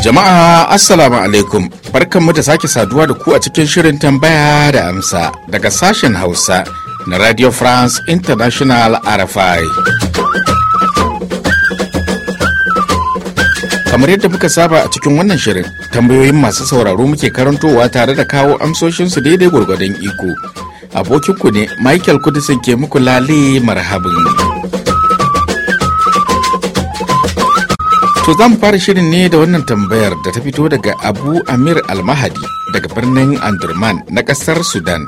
Jama'a Assalamu alaikum mu da sake saduwa da ku a cikin shirin tambaya da amsa daga sashen Hausa na Radio France International RFI. Kamar yadda muka saba a cikin wannan shirin, tambayoyin masu sauraro muke karantowa tare da kawo amsoshinsu daidai gwargwadon iko abokinku ne michael kudisin ke muku lale marhabin to zan fara shirin ne da wannan tambayar da ta fito daga abu amir almahadi daga birnin andurman na kasar sudan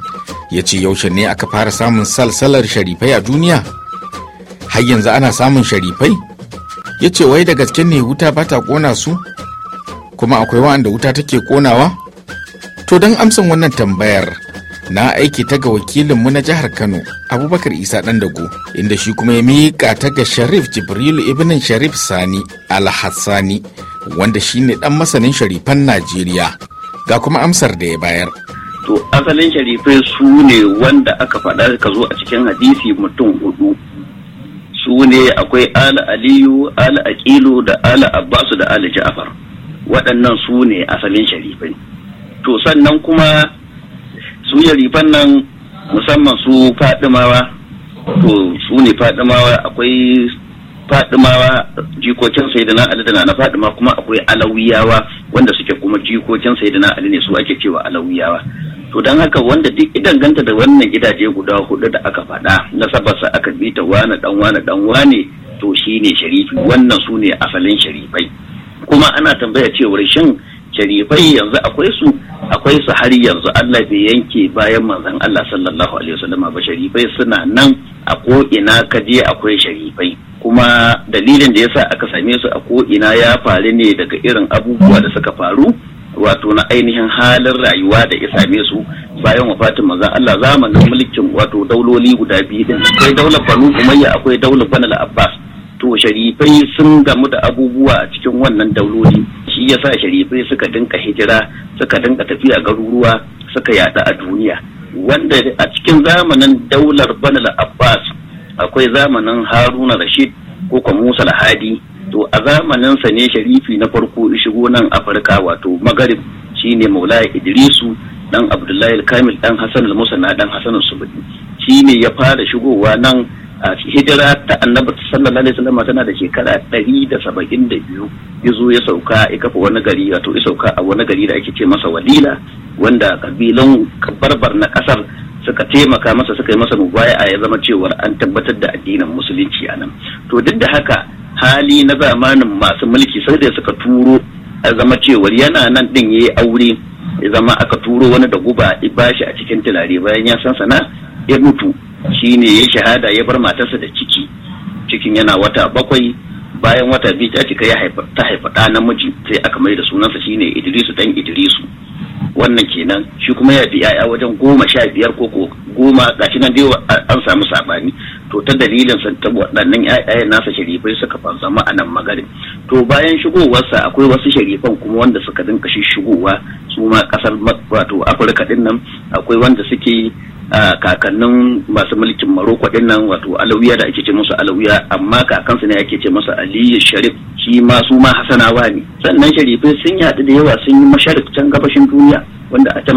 ya ce yaushe ne aka fara samun salsalar sharifai a duniya har yanzu ana samun sharifai ya ce wai da gaske ne wuta ba ta kona su kuma akwai wa'anda wuta take konawa to don amsan wannan tambayar na aiki ta ga wakilinmu na jihar kano abubakar isa dago. inda shi kuma ya miƙa ta ga sharif jibrilu Ibn sharif sani al-Hassani wanda shine ɗan masanin sharifan najeriya ga kuma amsar da ya bayar to asalin sharifai su ne wanda aka faɗa ka zo a cikin hadisi mutum hudu su ne akwai ala aliyu ala aqilu da ala abbasu da Ali ja'far waɗannan su ne asalin sharifai to sannan kuma su sharifan nan musamman su fadimawa to su ne fadimawa akwai fadimawa jikokin sayyidina ali da na fadima kuma akwai alawiyawa wanda suke kuma jikokin sayyidina ali ne su ake cewa alawiyawa to don haka wanda duk idan ganta da wannan gidaje guda hudu da aka faɗa nasabarsa aka bi ta wane dan wane dan wane to shine sharifi wannan su ne asalin sharifai kuma ana tambaya cewar shin sharifai yanzu akwai su akwai su har yanzu Allah bai yanke bayan manzon Allah sallallahu alaihi wasallam ba sharifai suna nan a ko ina kaje akwai sharifai kuma dalilin da yasa aka same su a ko ina ya faru ne daga irin abubuwa da suka faru wato na ainihin halin rayuwa da ya same su bayan wafatin manzon Allah zamanin mulkin wato dauloli guda biyu din akwai daular Banu Umayya akwai daular Banu Abbas to sharifai sun gamu da abubuwa a cikin wannan dauloli shi ya sa sharifai suka dinka hijira suka dinka tafiya garuruwa suka yada a duniya wanda a cikin zamanin daular banal abbas akwai zamanin haruna rashid ko kuma musa lahadi to a zamaninsa ne sharifi na farko shigo nan afirka wato magarib shine maulaya idrisu dan abdullahi kamil dan hassan al-musanna dan hassan al-subudi shi ne ya fara shigowa nan hijira ta annabi sallallahu alaihi wasallam tana da shekara ɗari da saba'in da biyu ya zo ya sauka ya kafa wani gari wato ya sauka a wani gari da ake ce masa walila wanda kabilan barbar na ƙasar suka taimaka masa suka yi masa a ya zama cewar an tabbatar da addinin musulunci a nan to duk da haka hali na zamanin masu mulki sai da suka turo a zama cewar yana nan din yayi aure ya zama aka turo wani da guba ya bashi a cikin tulare bayan ya san sana ya mutu shi ne ya shahada ya bar matarsa da ciki cikin yana wata bakwai bayan wata biyu ta cika ta haifa ɗa namiji sai aka mai da sunansa shine Idrisu dan Idrisu wannan kenan shi kuma ya fi yaya wajen goma sha biyar ko ko goma gashi nan dai an samu sabani to ta dalilin sun ta waɗannan ƴaƴayen nasa sharifai suka fansamu a nan magarin to bayan shigowarsa akwai wasu sharifan kuma wanda suka dinka shigowa su ma ƙasar wato afirka din nan akwai wanda suke kakannin masu mulkin maroko dinnan, nan wato alawiya da ake ce musu alawiya amma kakansu ne ake ce masa aliyu sharif shi ma su ma hasanawa ne sannan sharifai sun yaɗu da yawa sun yi masharif can gabashin duniya wanda a can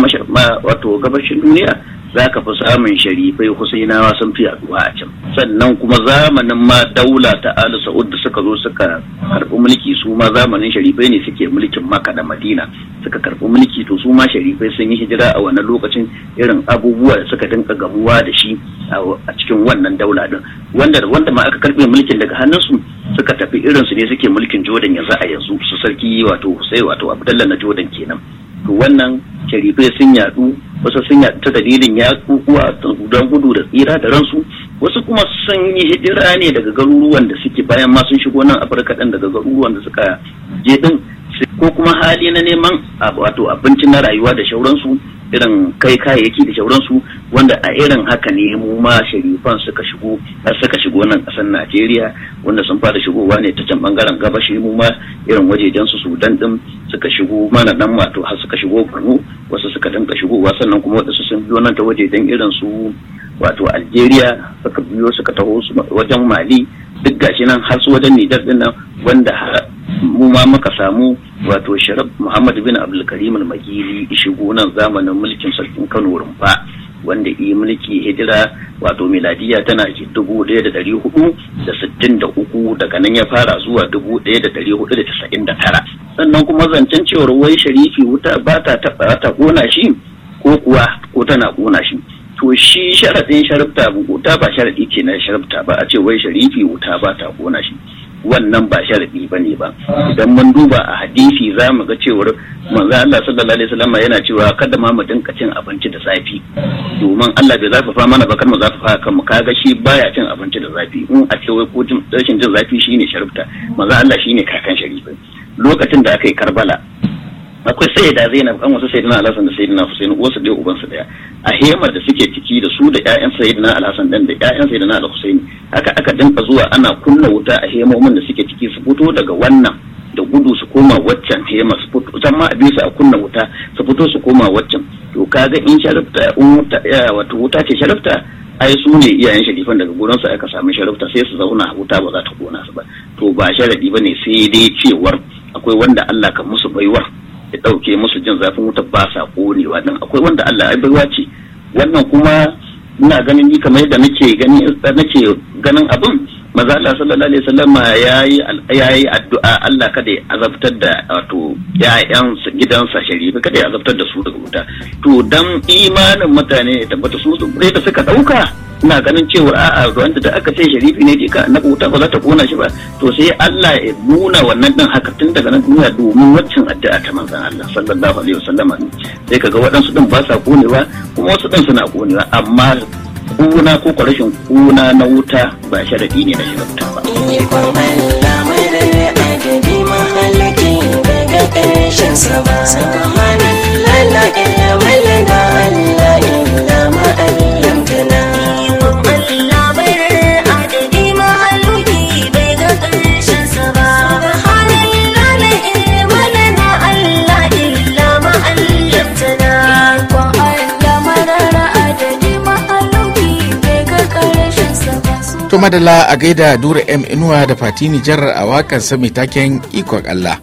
wato gabashin duniya za ka fi samun sharifai husainawa sun fi yaduwa a can sannan kuma zamanin ma daula ta ali sa'ud da suka zo suka karɓi mulki su ma zamanin sharifai ne suke mulkin maka da madina suka karɓi mulki to su ma sharifai sun yi hijira a wannan lokacin irin abubuwa da suka dinka gabuwa da shi a cikin wannan daula din wanda wanda ma aka karɓe mulkin daga hannunsu suka tafi irinsu ne suke mulkin jordan yanzu a yanzu su sarki wato husai wato abdullahi na jordan kenan to wannan sharifai sun yadu wasu sun yadu ta dalilin ya kukuwa don gudu da tsira da ransu wasu kuma sun yi hijira ne daga garuruwan da suke bayan ma sun shigo nan afirka ɗin daga garuruwan da suka je ɗin ko kuma hali na neman wato abinci na rayuwa da shauransu irin kai kayayyaki da shauransu wanda a irin haka ne mu ma sharifan suka shigo har suka shigo nan kasar Najeriya wanda sun fara shigowa ne ta can bangaren gabashi mu ma irin wajejen su Sudan din suka shigo mana nan wato har suka shigo Kano suka dinka shigowa sannan kuma waɗansu sun biyo nan ta waje don irin su wato algeria suka biyo suka taho wajen mali duk gashi nan har su wajen nijar din nan wanda mu ma muka samu wato sharaf muhammad bin abdulkarim al-magili shigo nan zamanin mulkin sarkin kano rumfa wanda yi mulki hijira wato miladiya tana ke dubu ɗaya da ɗari hudu da sittin da uku daga nan ya fara zuwa dubu ɗaya da ɗari hudu da tasa'in da tara sannan kuma zancen cewar wai sharifi wuta ba ta taɓa ta ƙona shi ko kuwa ko tana ƙona shi to shi sharaɗin Sharifta wuta ba sharaɗi ke na sharifta ba a ce wai sharifi wuta ba ta ƙona shi wannan ba sharadi ba ne ba idan mun duba a hadisi za mu ga cewar manzo Allah sallallahu alaihi wasallam yana cewa kada ma mu dinka cin abinci da zafi domin Allah bai zafafa mana ba kar mu zafafa kan mu kaga shi baya cin abinci da zafi in a ce wai ko rashin jin zafi shine sharifta manzo Allah shine kakan sharifi lokacin da aka yi Karbala akwai sayyida zainab kan wasu sayyidina alhassan da sayyidina husain wasu dai ubansu daya a hemar da suke ciki da su da ƴaƴan sayyidina alhassan dan da ƴaƴan sayyidina alhussein haka aka dinka zuwa ana kunna wuta a hemomin da suke ciki su fito daga wannan da gudu su koma waccan hemar su fito can ma a biyu su a kunna wuta su fito su koma waccan to kaga in sharafta in wato wuta ce sharafta ai su ne iyayen sharifan daga gurin su aka samu sharafta sai su zauna wuta ba za ta kona su ba to ba sharadi bane sai dai cewar akwai wanda Allah kan musu baiwar ya ɗauke musu jin zafin wuta ba sa ƙonewa dan akwai wanda Allah ya baiwa ce wannan kuma ina ganin ni kamar yadda nake ganin abin maza Allah sallallahu alaihi wasallam ya yi addu'a Allah kada ya azabtar da wato ya'yan gidansa sharifi kada ya azabtar da su daga wuta to dan imanin mutane ya tabbata su da suka dauka ina ganin cewa a'a wanda da aka ce sharifi ne ka na wuta ba za ta kona shi ba to sai Allah ya nuna wannan din haka tun daga nan duniya domin waccan addu'a ta manzon Allah sallallahu alaihi wasallam sai kaga waɗansu din ba sa konewa kuma wasu din suna konewa amma kuna ko rashin kuna na wuta ba sharadi ne na sharafta ba. Ikon Allah mai da ya ajabi mahallakin daga ƙarshen sama. madala a gaida dura m inuwa da fati nijar a wakar sami taken ikon allah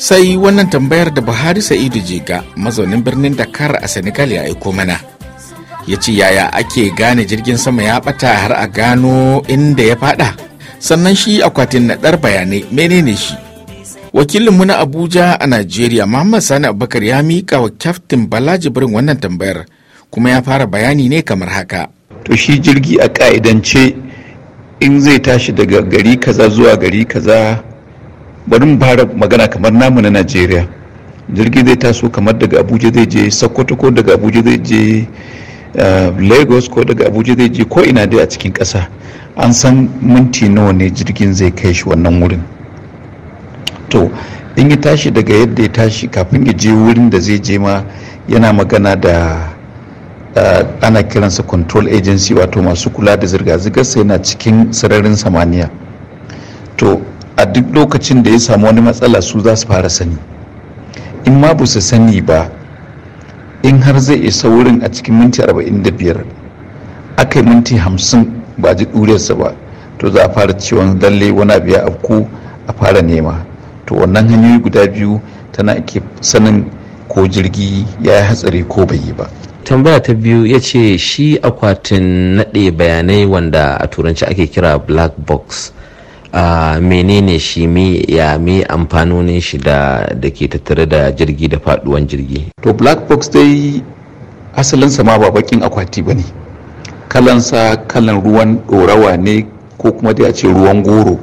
sai wannan tambayar da buhari sa'idu jega mazaunin birnin dakar a senegal ya aiko mana ya ce yaya ake gane jirgin sama ya bata har a gano inda ya fada sannan shi akwatin naɗar bayanai menene shi wakilinmu na abuja a najeriya muhammad sani abubakar ya miƙa wa kyaftin bala jibrin wannan tambayar kuma ya fara bayani ne kamar haka to shi jirgi a ƙa'idance in zai tashi daga gari kaza zuwa gari kaza bari mu fara magana kamar namu na najeriya jirgi zai taso kamar daga abuja zai je sokoto ko daga abuja zai je eh, lagos ko daga abuja zai je ko ina dai a cikin ƙasa an san minti nawa ne jirgin zai kai shi wannan wurin to in ya tashi daga yadda ya tashi kafin ya je wurin da zai je ma yana magana da Eh, ana kiransa control agency wato masu kula da zirga-zirgar sai na cikin sararin samaniya to a duk lokacin da ya samu wani matsala su za su fara sani in ma bu su sani ba in har zai isa wurin a cikin minti 45 aka yi minti 50 ba ji ɗuriyarsa ba to za a fara ciwon lalle wani abu ya afku a fara nema to wannan hanyoyi guda biyu tana ke sanin ko jirgi ya yi hatsari ko bai yi ba tambaya ta biyu ya ce shi akwatin naɗe bayanai wanda a turanci ake kira black box a menene shi me ya me amfanonin shi da da ke tattare da jirgi da faduwan jirgi to black box dai asalinsa ma ba bakin akwati ba ne kalansa kalan ruwan ɗorawa ne ko kuma dai a ce ruwan goro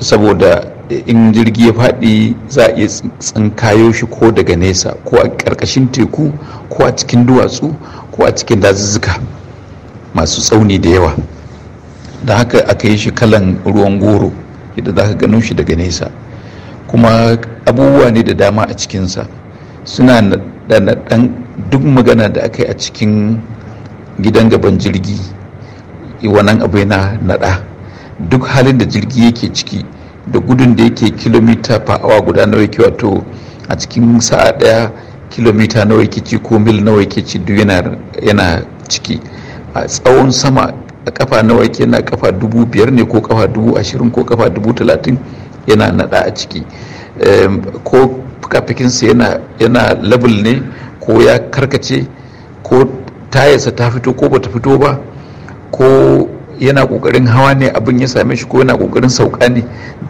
saboda in jirgi ya faɗi za a iya tsinkayo shi ko daga nesa ko a ƙarƙashin teku ko a cikin duwatsu ko a cikin dazuzzuka masu tsauni da yawa da haka aka yi shi kalan ruwan goro yadda za ka gano shi daga nesa kuma abubuwa ne da dama a cikinsa suna da ɗan duk magana da aka yi a cikin gidan gaban jirgi wannan abu yana naɗa duk halin da jirgi yake ciki da gudun da yake kilomita fa awa guda nawa yake wato a cikin sa'a daya kilomita nawa yake ci ko mil nawa yake ci duk yana ciki a tsawon sama a kafa nawa yake yana kafa dubu biyar ne ko kafa dubu ashirin ko kafa dubu talatin yana nada a ciki ko fikafikinsa yana yana labul ne ko ya karkace ko tayarsa ta fito ko bata fito ba ko yana kokarin hawa ne abin ya same shi ko yana kokarin sauka ne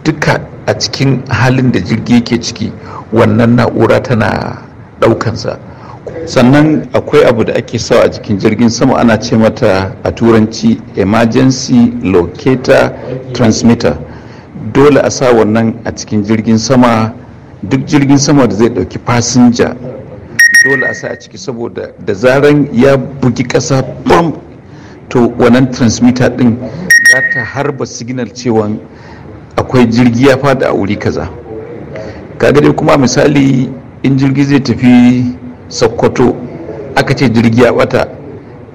duka a cikin halin da jirgi yake ciki wannan na'ura tana daukansa sannan akwai abu da ake sawa a jikin jirgin sama ana ce mata a turanci emergency locator transmitter dole a sa wannan a cikin jirgin sama duk jirgin sama da zai dauki fasinja dole a sa a ciki saboda da zaran ya bugi kasa bam to wannan transmitter din za ta harba signal cewa akwai jirgi ya fada a wuri kaza kaga dai kuma misali in jirgi zai tafi sokoto aka ce jirgi ya bata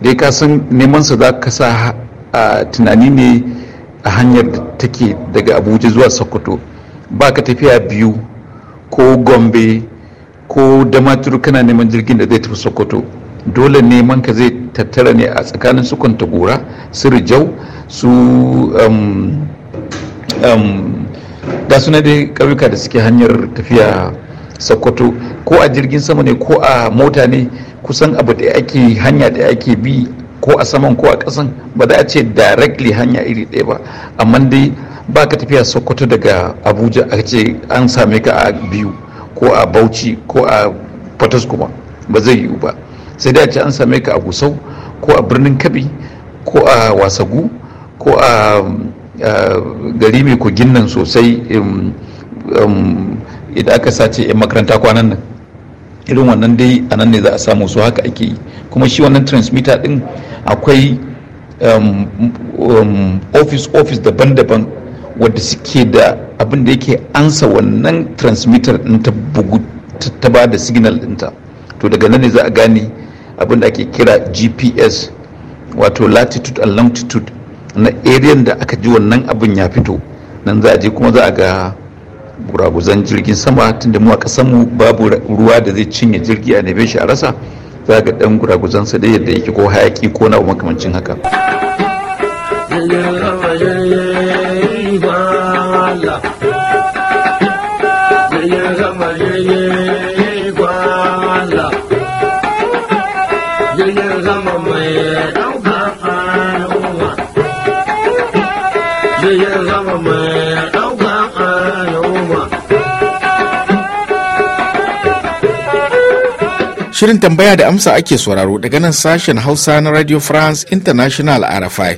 dai ka san neman za ka sa a tunani ne a hanyar da take daga abuja zuwa sokoto ba ka tafiya biyu ko gombe ko damaturu kana neman jirgin da zai tafi sokoto dole neman ka zai tattara ne a tsakanin su gora su rijau su da um, um, suna dai ƙauyuka da suke hanyar tafiya sokoto ko a jirgin sama ne ko a mota ne kusan abu da ake hanya da ake bi ko a saman ko a kasan ba za a ce directly hanya iri ɗaya ba amma dai ba ka tafiya sokoto daga abuja a ce an same ka a biyu ko a bauchi ko a potos kuma ba zai yiwu ba sai dai a ce an same ka a gusau ko a birnin kabi ko a wasagu ko a gari mai kogin nan sosai idan aka sace 'yan makaranta kwanan nan irin wannan dai a nan ne za a samu su haka ake yi kuma shi wannan transmitter din akwai office-office daban-daban wadda suke da abin da yake ansa wannan transmitter ɗin ta bugu ta ba da signal dinta to daga nan ne za a gane abin da ake kira gps wato latitude and longitude na ariyan da aka ji wannan abin ya fito nan za a je kuma za a ga buraguzan jirgin sama da mu a mu babu ruwa da zai cinye jirgi a neme shi a rasa za ga dan guraguzan sa da yadda yake ko hayaki ko na makamancin haka Allah Shirin tambaya da amsa ake sauraro daga nan sashen Hausa na Radio France International RFI.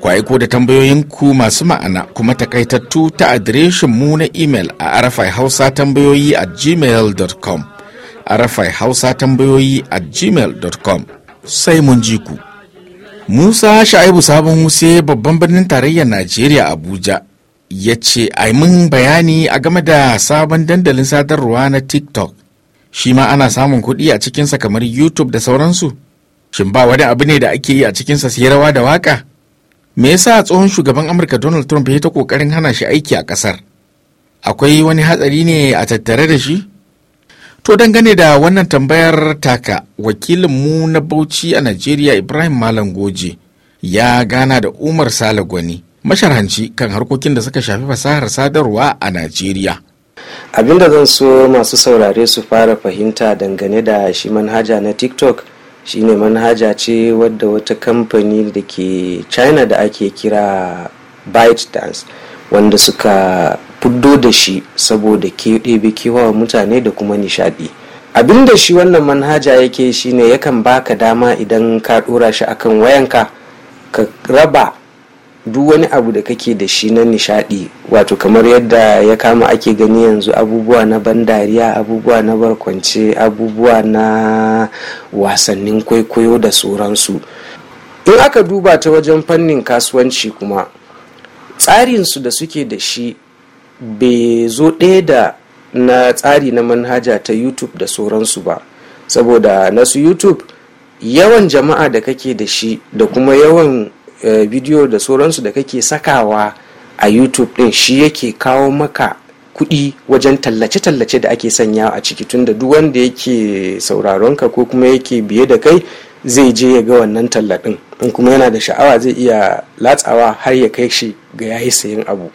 Ku aiko da tambayoyinku masu ma'ana kuma takaitattu ta adireshin mu na imel a RFI Hausa tambayoyi a gmail.com. RFI Hausa tambayoyi a gmail.com. Sai mun ji ku. Musa Sha'ibu Sabon Wuse babban birnin tarayyar Najeriya Abuja ya ce mun bayani a game da sabon dandalin sadarwa na TikTok. Shi ma ana samun kuɗi a cikinsa kamar YouTube da sauransu. Shin ba wani abu ne da ake yi a cikinsa sai rawa da waka? Me yasa tsohon shugaban Amurka Donald Trump ya ta ƙoƙarin hana shi aiki a ƙasar? Akwai wani hatsari ne a tattare da shi? To dangane da wannan tambayar taka wakilin mu na Bauchi a Najeriya Ibrahim Malam Goje ya gana da Umar Sale Gwani masharhanci kan harkokin da suka shafi fasahar sadarwa a Najeriya. da zan so masu saurare su fara fahimta dangane da shi manhaja na TikTok shine manhaja ce wadda wata kamfani da ke China da ake kira ByteDance wanda suka fuddo da shi saboda ɗebe kewa mutane da kuma nishaɗi abin da shi wannan manhaja yake shine yakan baka dama idan ka ɗora shi akan wayanka ka raba duk wani abu da kake da shi na nishaɗi wato kamar yadda ya kama ake gani yanzu abubuwa na ban dariya abubuwa na barkwance abubuwa na wasannin kwaikwayo da sauransu in aka duba ta wajen fannin kasuwanci kuma tsarinsu da suke da shi bai zo ɗaya da na tsari na manhaja ta youtube da sauransu ba saboda nasu youtube yawan jama'a da kake da shi da kuma yawan eh, bidiyo da sauransu da kake sakawa a youtube ɗin shi yake kawo maka kuɗi wajen tallace-tallace da ake sanya a ciki tunda duk wanda yake sauraronka, ko kuma yake biye da kai zai je ya ga wannan tallaɗin, in kuma yana da sha'awa zai iya latsawa har ya kai shi ga yayi sayan abu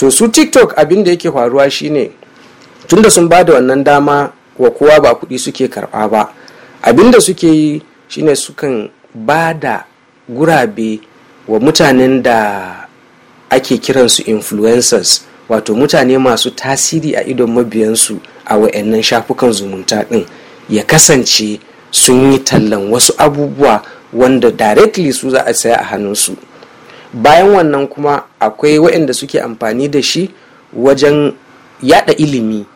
to su tiktok abin da yake faruwa shine tunda sun ba da wannan dama wa kowa ba kuɗi suke karɓa ba abin da suke yi shine sukan ba da gurabe wa mutanen da ake kiransu influencers wato mutane masu tasiri a idon mabiyansu a wa'annan shafukan zumunta ɗin ya kasance sun yi tallan wasu abubuwa wanda directly su za a saya a hannunsu bayan wannan kuma akwai waɗanda suke amfani da shi wajen yada ilimi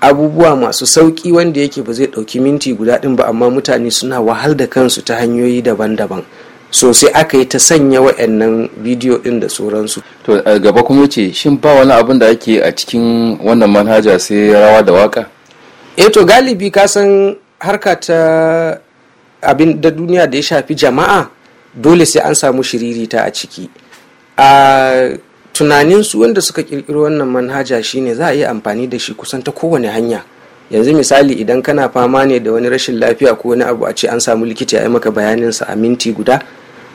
abubuwa masu sauƙi wanda yake ba zai ɗauki minti guda ɗin ba amma mutane suna wahal da kansu ta hanyoyi daban-daban so sai aka yi ta sanya waɗannan bidiyo ɗin da sauransu to gaba kuma ce shin ba wani abin da ake a cikin wannan manhaja sai rawa da waka eh to galibi ka san harka ta abin da duniya da ya shafi jama'a dole sai an samu shiririta a ciki a tunanin su wanda suka kirkiro wannan manhaja shine za a yi amfani da shi kusan ta kowane hanya yanzu misali idan kana fama ne da wani rashin lafiya ko wani abu a ce an samu likita ya yi maka bayaninsa a minti guda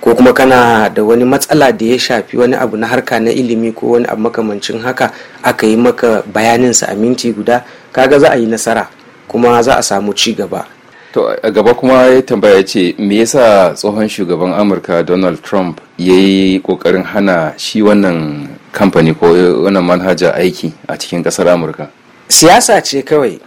ko kuma kana da wani matsala da ya shafi wani abu na harka na ilimi ko wani abu makamancin haka aka yi maka bayaninsa a minti guda kaga za a yi nasara kuma za a samu ci gaba to a gaba kuma ya tambaya ce me yasa tsohon shugaban amurka donald trump ya yi kokarin hana shi wannan kamfani ko wannan manhaja aiki a cikin kasar amurka siyasa ce kawai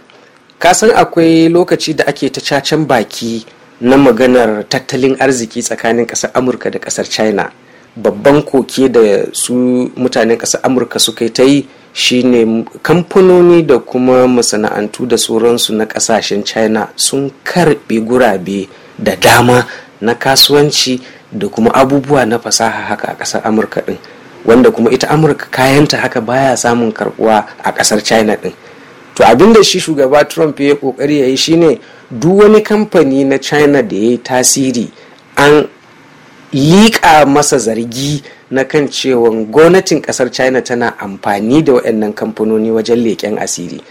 kasan akwai lokaci da ake ta cacen baki na maganar tattalin arziki tsakanin kasar amurka da kasar china babban koke da su mutanen kasar amurka suka ta yi shine kamfanoni da kuma masana'antu da sauransu na kasashen china sun karbe gurabe da dama na kasuwanci da kuma abubuwa na fasaha haka a ƙasar amurka ɗin wanda kuma ita amurka kayanta haka baya samun karbuwa a ƙasar china ɗin to abinda shi shugaba trump ya kokari ya yi shine duk wani kamfani na china da ya yi tasiri an liƙa masa zargi na kan cewa gwamnatin ƙasar china tana amfani da waɗannan kamfanoni wajen leƙen asiri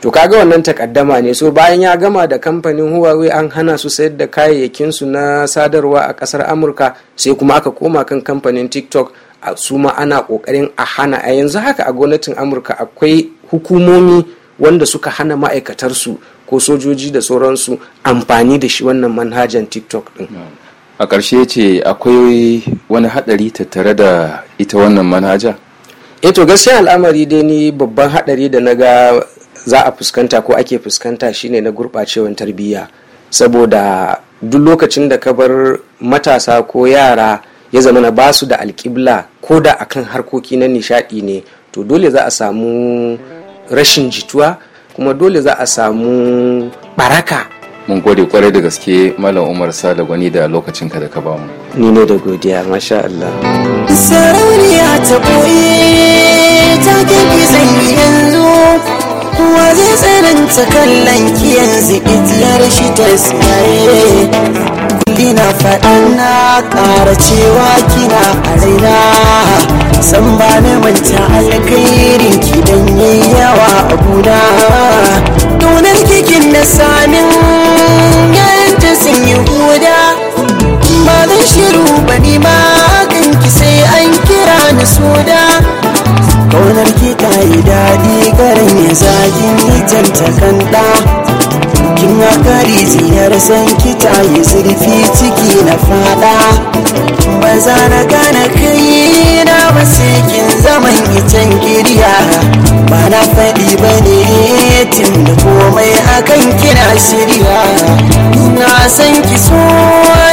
to kaga wannan takaddama ne so bayan ya gama da kamfanin huawei an hana su sayar da kayayyakin su na sadarwa a kasar amurka sai kuma aka koma kan kamfanin tiktok su ma ana kokarin a hana a yanzu haka a gwamnatin amurka akwai hukumomi wanda suka hana ma'aikatarsu ko sojoji da sauransu amfani da shi wannan manhajan tiktok din a ƙarshe ce akwai wani haɗari tattare da ita wannan manhaja? eto eh gaskiya al'amari dai ni babban haɗari da na ga za a fuskanta ko ake fuskanta shine na gurɓacewar tarbiyya saboda duk lokacin da ka bar matasa ko yara ya zama na basu da alƙibla ko da akan harkoki na nishaɗi ne to dole za a samu rashin jituwa kuma dole za a samu ɓaraka. mun gode kwarai da gaske malam umar sada gwani da lokacin ka da ka bamu ni ne da godiya masha Allah sarauniya ta koyi ta gabi yanzu Kuwa zai tsananta kallon ki yanzu idiyar shi ta tsare na faɗin na ƙara cewa kina a raina san ba na manta alkairin ki dan yi yawa a guda donar kikin na samin yayin ta sun yi huda ba zan shiru ba ni ma yi daɗi garin ya zagin yi tantakan ɗa kin hakari ziyar san kita yi zurfi ciki na faɗa? ba za na gane kai na ba sai kin zaman itan kiriya ba na faɗi bane ne tun da komai akan kina shirya na san ki so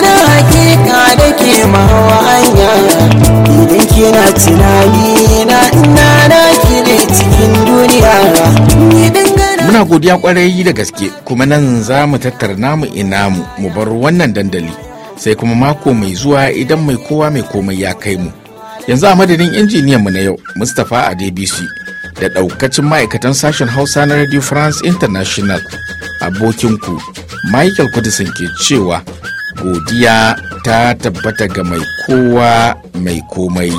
na hakika da ke mawa hanya idan kina tunani na ina na Muna godiya kwarai da gaske kuma nan za mu tattara namu ina mu mu bar wannan dandali sai kuma mako mai zuwa idan mai kowa mai komai ya kai mu. Yanzu a madadin injiniyan mu na yau Mustapha dbc da ɗaukacin ma'aikatan sashen Hausa na Radio France International abokin ku Michael Kudisin ke cewa godiya ta tabbata ga mai kowa mai komai.